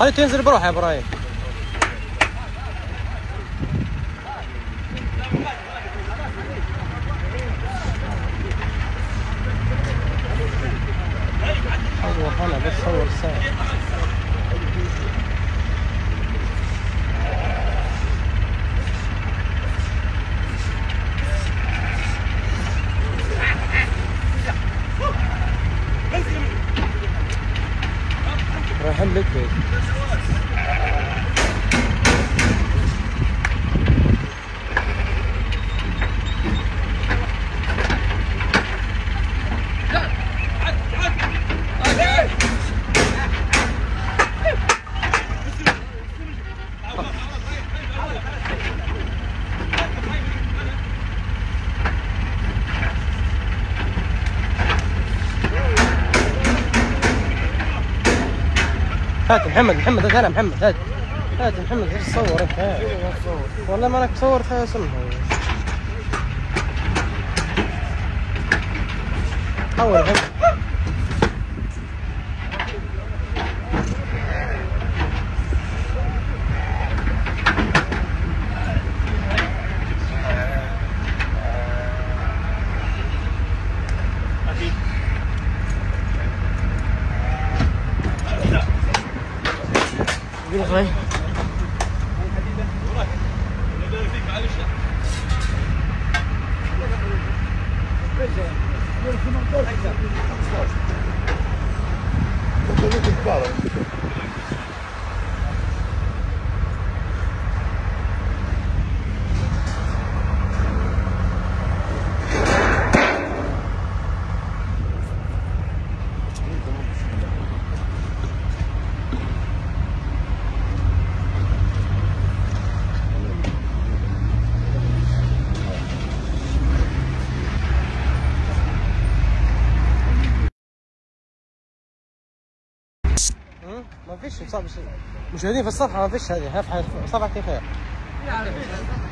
هاي تنزل بروح يا ابراهيم أيوة، بس صور رايحين لك بيت هات محمد محمد هات هلا محمد هات هات محمد غير تصور انت هات والله ما انك تصور سمها حول هات بالغي Thank you. ما فيش مشاهدين في الصفحه ما فيش هذه صفحه خير